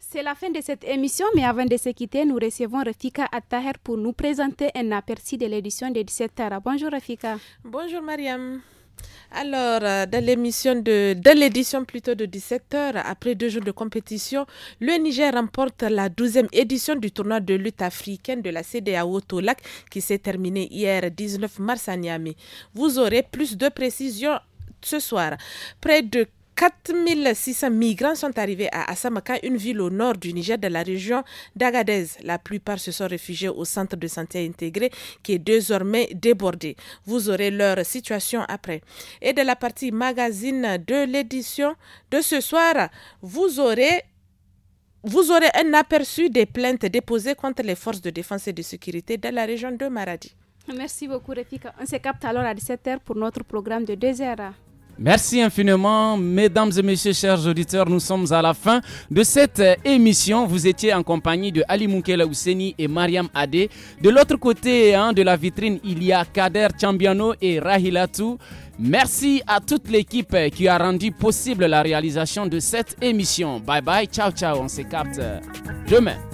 C'est la fin de cette émission, mais avant de se quitter, nous recevons Rafika Attaher pour nous présenter un aperçu de l'édition de 17h. Bonjour Rafika. Bonjour Mariam. Alors, euh, dans l'émission de, l'édition plutôt de 17h, après deux jours de compétition, le Niger remporte la 12 édition du tournoi de lutte africaine de la CDA Tolac qui s'est terminé hier 19 mars à Niamey. Vous aurez plus de précisions ce soir. Près de 4600 migrants sont arrivés à Assamaka, une ville au nord du Niger, de la région d'Agadez. La plupart se sont réfugiés au centre de santé intégré qui est désormais débordé. Vous aurez leur situation après. Et de la partie magazine de l'édition de ce soir, vous aurez vous aurez un aperçu des plaintes déposées contre les forces de défense et de sécurité de la région de Maradi. Merci beaucoup, Refika. On se capte alors à 17h pour notre programme de désert. Merci infiniment, mesdames et messieurs, chers auditeurs. Nous sommes à la fin de cette euh, émission. Vous étiez en compagnie de Ali Moukela Ousseni et Mariam Adé. De l'autre côté hein, de la vitrine, il y a Kader Chambiano et Rahilatou. Merci à toute l'équipe euh, qui a rendu possible la réalisation de cette émission. Bye bye, ciao ciao, on se capte euh, demain.